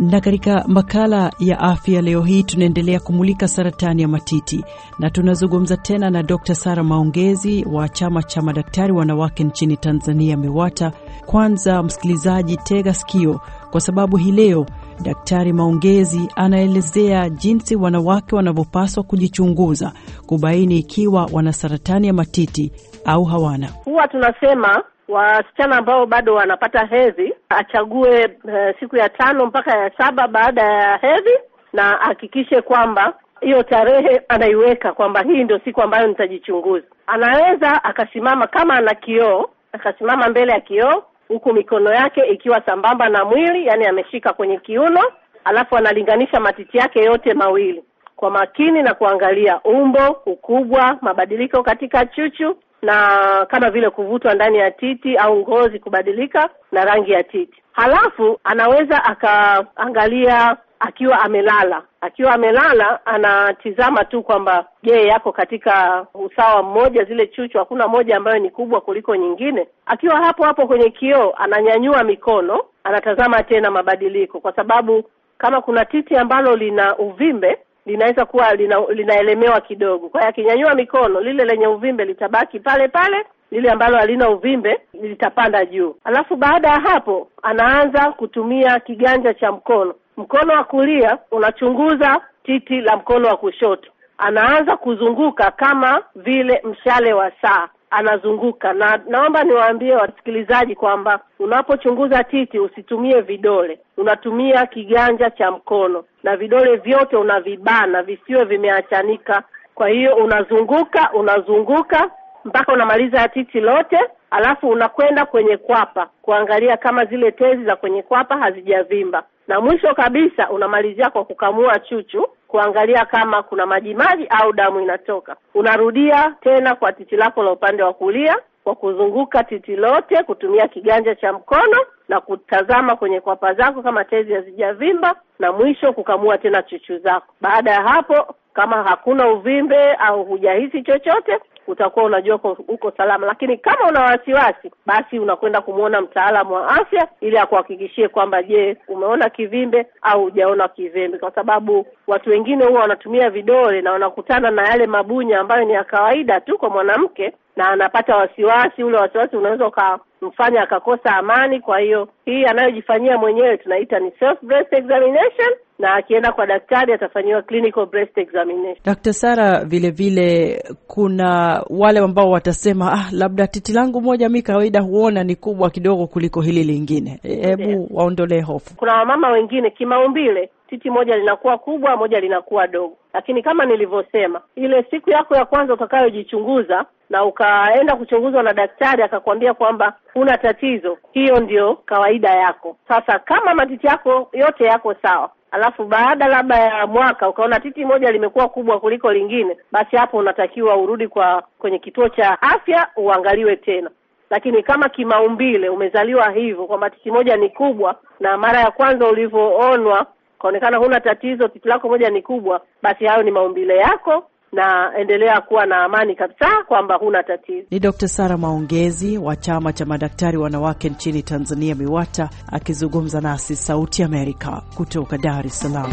Na katika makala ya afya leo hii tunaendelea kumulika saratani ya matiti na tunazungumza tena na Dr. Sara Maongezi wa chama cha madaktari wanawake nchini Tanzania, MEWATA. Kwanza msikilizaji, tega sikio, kwa sababu hii leo Daktari Maongezi anaelezea jinsi wanawake wanavyopaswa kujichunguza kubaini ikiwa wana saratani ya matiti au hawana. Huwa tunasema wasichana ambao bado wanapata hedhi achague uh, siku ya tano mpaka ya saba baada ya hedhi, na ahakikishe kwamba hiyo tarehe anaiweka kwamba hii ndio siku ambayo nitajichunguza. Anaweza akasimama kama ana kioo, akasimama mbele ya kioo huku mikono yake ikiwa sambamba na mwili, yani ameshika kwenye kiuno, alafu analinganisha matiti yake yote mawili kwa makini na kuangalia umbo, ukubwa, mabadiliko katika chuchu na kama vile kuvutwa ndani ya titi au ngozi kubadilika na rangi ya titi. Halafu anaweza akaangalia akiwa amelala, akiwa amelala anatizama tu kwamba je, yako katika usawa mmoja, zile chuchu, hakuna moja ambayo ni kubwa kuliko nyingine. Akiwa hapo hapo kwenye kioo, ananyanyua mikono, anatazama tena mabadiliko, kwa sababu kama kuna titi ambalo lina uvimbe linaweza kuwa lina, linaelemewa kidogo. Kwa hiyo akinyanyua mikono, lile lenye uvimbe litabaki pale pale, lile ambalo halina uvimbe litapanda juu. Alafu baada ya hapo anaanza kutumia kiganja cha mkono. Mkono wa kulia unachunguza titi la mkono wa kushoto, anaanza kuzunguka kama vile mshale wa saa anazunguka. Na naomba niwaambie wasikilizaji kwamba unapochunguza titi usitumie vidole, unatumia kiganja cha mkono na vidole vyote unavibana visiwe vimeachanika. Kwa hiyo unazunguka unazunguka mpaka unamaliza ya titi lote, alafu unakwenda kwenye kwapa kuangalia kama zile tezi za kwenye kwapa hazijavimba, na mwisho kabisa unamalizia kwa kukamua chuchu kuangalia kama kuna majimaji au damu inatoka. Unarudia tena kwa titi lako la upande wa kulia kwa kuzunguka titi lote kutumia kiganja cha mkono na kutazama kwenye kwapa zako kama tezi hazijavimba, na mwisho kukamua tena chuchu zako. Baada ya hapo, kama hakuna uvimbe au hujahisi chochote, utakuwa unajua uko salama, lakini kama una wasiwasi, basi unakwenda kumwona mtaalamu wa afya ili akuhakikishie kwamba, je, umeona kivimbe au hujaona kivimbe, kwa sababu watu wengine huwa wanatumia vidole na wanakutana na yale mabunya ambayo ni ya kawaida tu kwa mwanamke, na anapata wasiwasi. Ule wasiwasi unaweza uka mfanya akakosa amani. Kwa hiyo hii anayojifanyia mwenyewe tunaita ni self breast examination na akienda kwa daktari atafanyiwa clinical breast examination. Dr. Sara, vile vile kuna wale ambao watasema ah, labda titi langu moja mi kawaida huona ni kubwa kidogo kuliko hili lingine. E, hebu waondolee hofu. Kuna wamama wengine kimaumbile titi moja linakuwa kubwa, moja linakuwa dogo, lakini kama nilivyosema, ile siku yako ya kwanza utakayojichunguza na ukaenda kuchunguzwa na daktari akakwambia kwamba huna tatizo, hiyo ndio kawaida yako. Sasa kama matiti yako yote yako sawa, alafu baada labda ya mwaka ukaona titi moja limekuwa kubwa kuliko lingine, basi hapo unatakiwa urudi kwa kwenye kituo cha afya uangaliwe tena. Lakini kama kimaumbile umezaliwa hivyo kwamba titi moja ni kubwa, na mara ya kwanza ulivyoonwa kaonekana huna tatizo, titi lako moja ni kubwa, basi hayo ni maumbile yako na endelea kuwa na amani kabisa kwamba huna tatizo. Ni Dr. Sara Maongezi wa chama cha madaktari wanawake nchini Tanzania MIWATA akizungumza nasi Sauti Amerika kutoka Dar es Salaam.